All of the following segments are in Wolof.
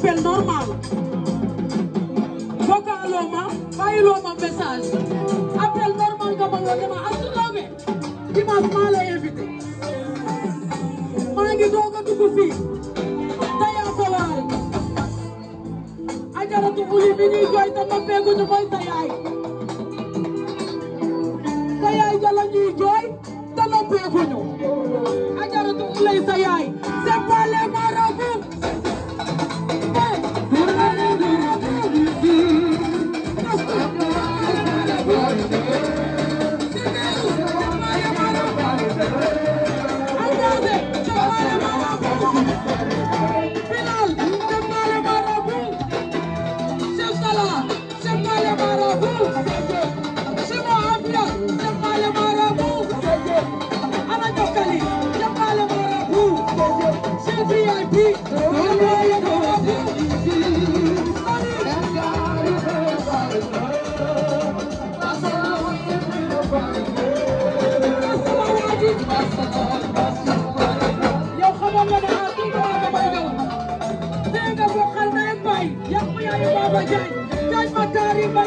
appel normal vocaloo ma bàyyiloo ma message appel normal nga ma woo dama Astou Laobé dimanche maa lay invité maa ngi doog a dugg fii taya solaare ajaratu uli mi ñuy jooy te noppeeguñu mooy tayaay tayaay ja la ñuy jooy te noppeeguñu ajaratu ulay sa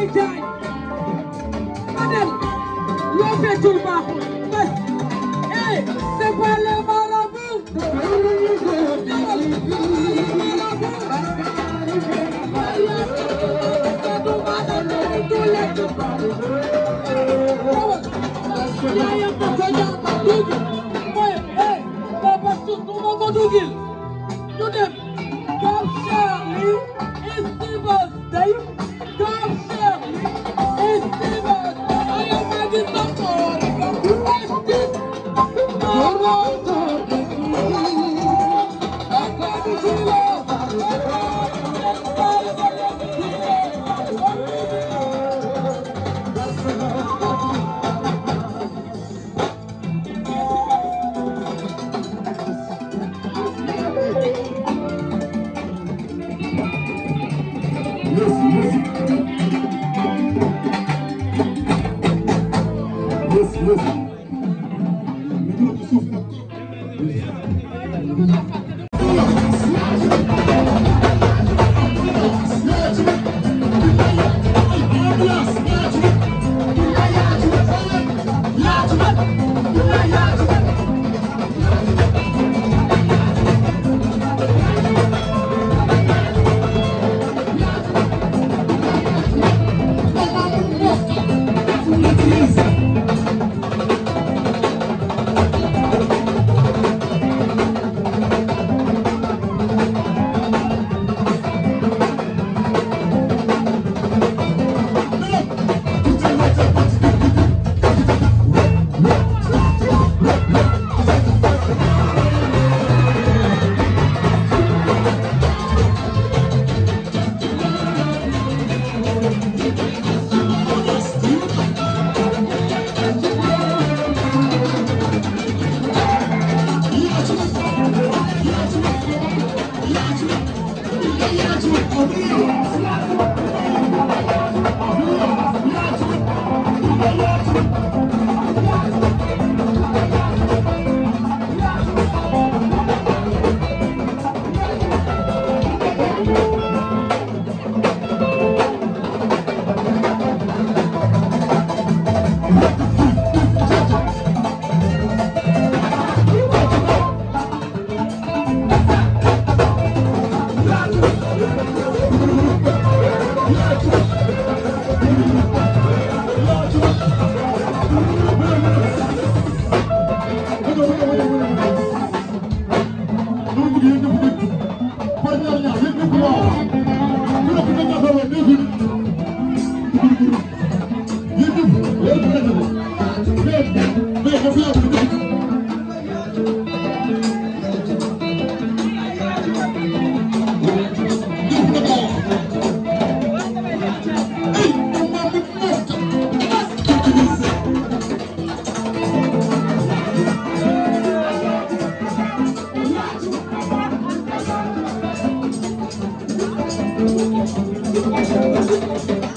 Every time. Listen, listen. Thank you.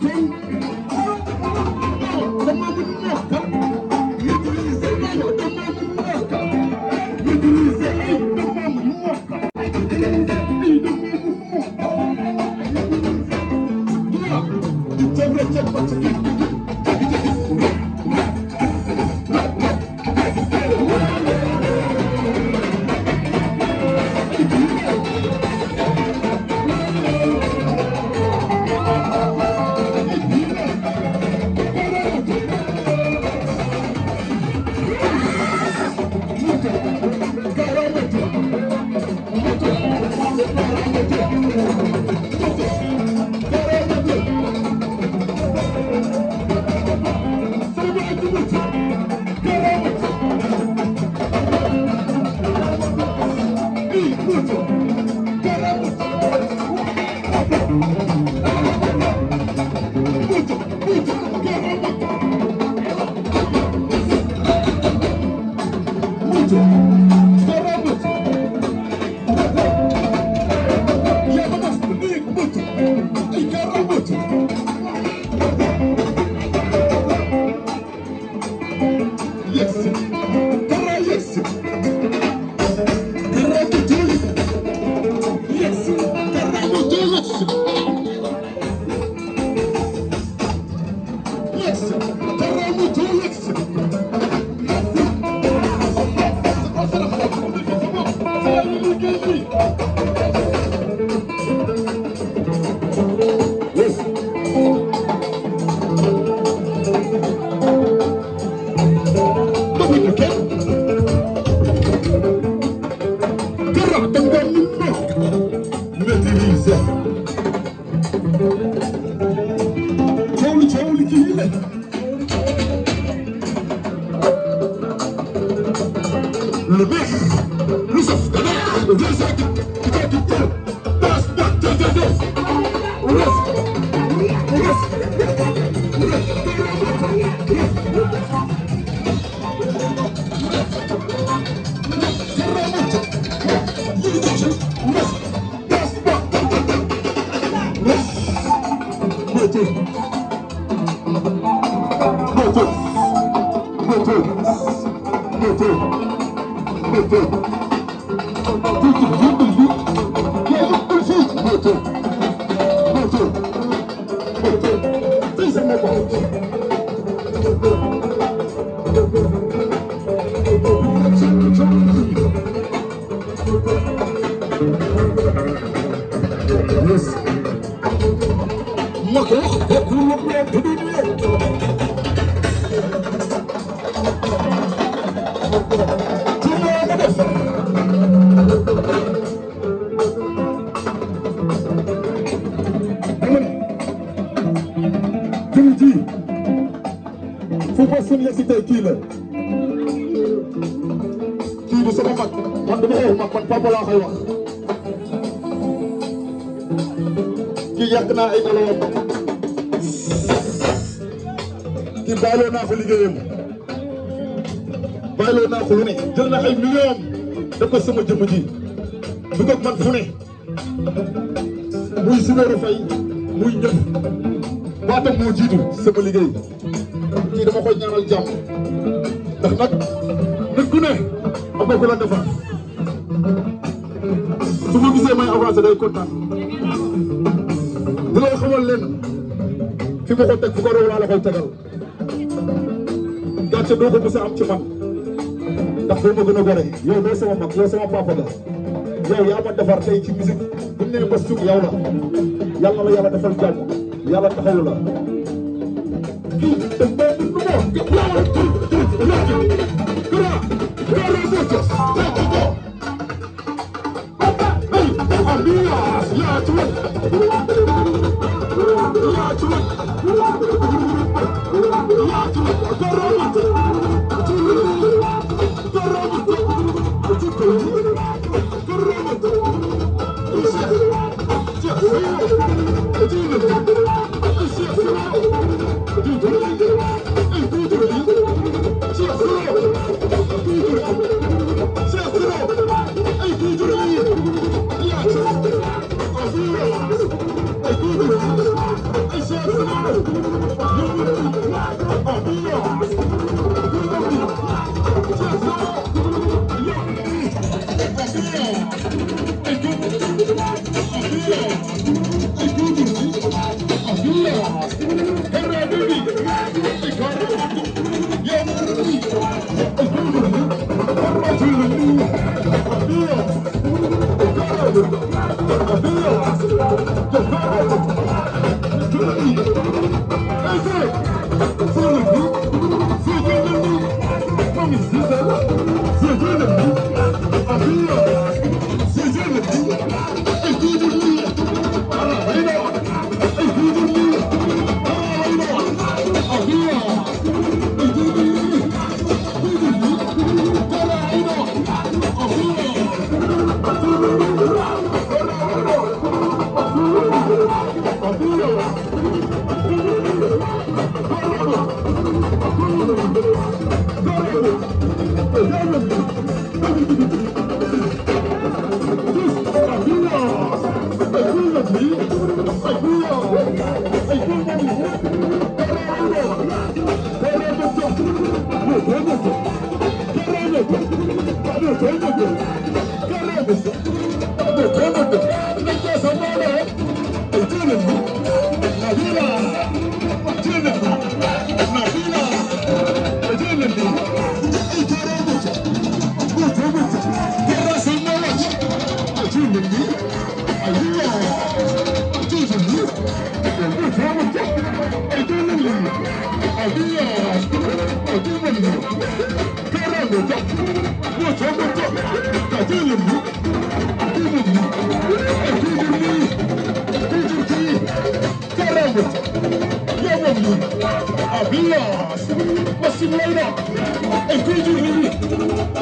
tey salaam salaam moto moto moto moto moto moto moto moto kii fu ma suñu si kii la kii du sama man dama xew mag man papa laa koy wax kii yàq naa ay nelawam kii bàyyiloo naa ko liggéeyam bàyyiloo naa ko lu ne na ay millions def ko sama jëmm ji man fu ne muy Soumaré Faye muy ñëpp xalaatam moo jiitu sama liggéey kii dama koy ñaanal jàmm ndax nag nit ku ne am na ku la defar su ma gisee may avancé day kontaan di lay xamal leen fi ma ko teg fu ko réew laa la koy tegal gàcce doo ko mos a am ci man ndax doo ma gën a gore yow doo sama mag yow sama papa la yow yaa ma defar tey ci musique bu ñu nee bés yow la yàlla ma yàlla defal jàmm yàlla taxawu la. Yeah,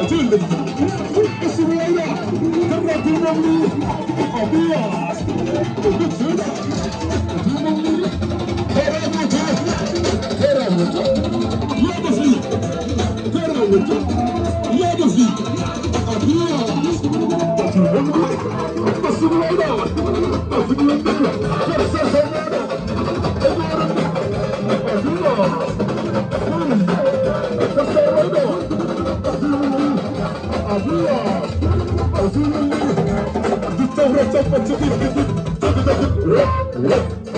Matilda, Serena, the Latina Lee, Obias, the Bitches, the Duma Lee, Heramuta, Heramuta, Yabazi, Heramuta, Yabazi, Obias, the Duma Lee, the Serena, the Duma Lee, the Serena, Rip, rip, rip, rip.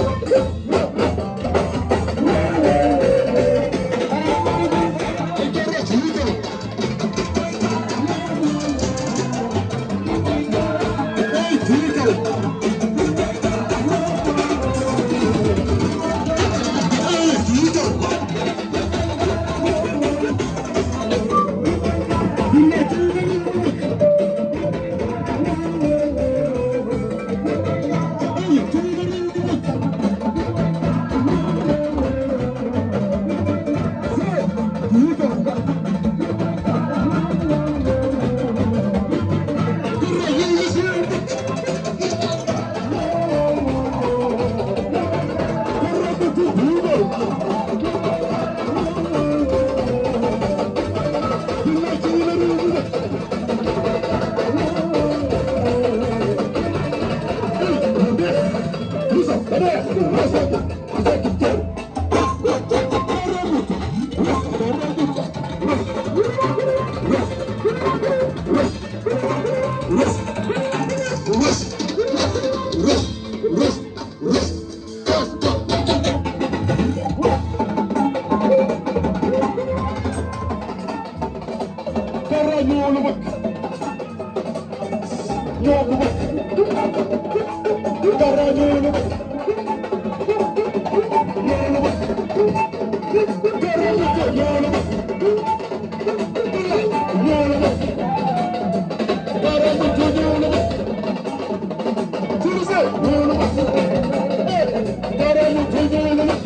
ñoo lu bëgg ñoo lu bëgg dara ñoo lu bëgg ñoo lu bëgg dara ñoo lu bëgg ñoo lu bëgg dara ñoo lu bëgg Tuurisé ñoo lu bëgg dara ñoo lu bëgg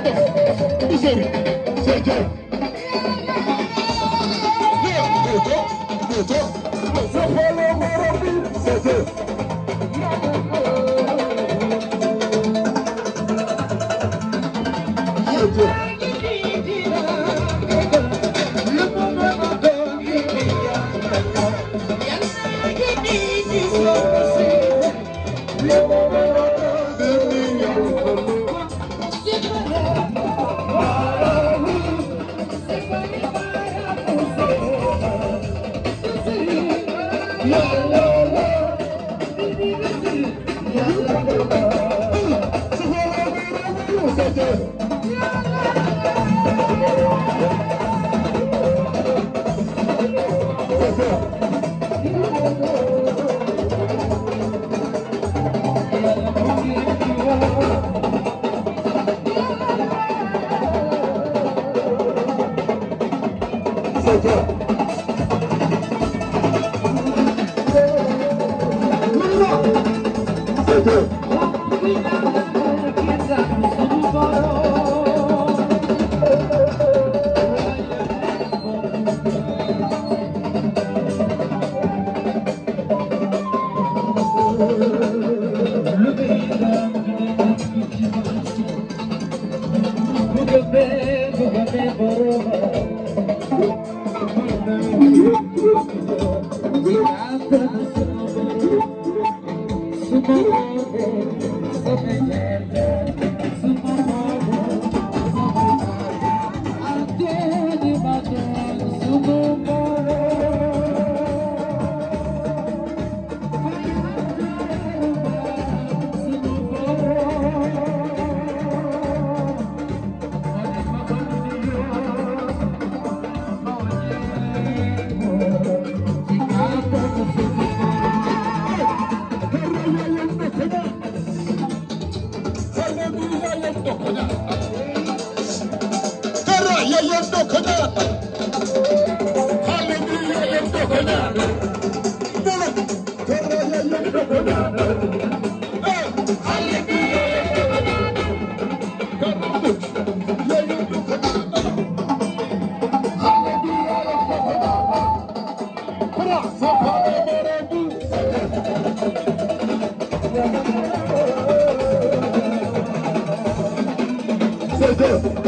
nga def Ousseynou Seye Diop. Yeah, yeah. Thank you. go.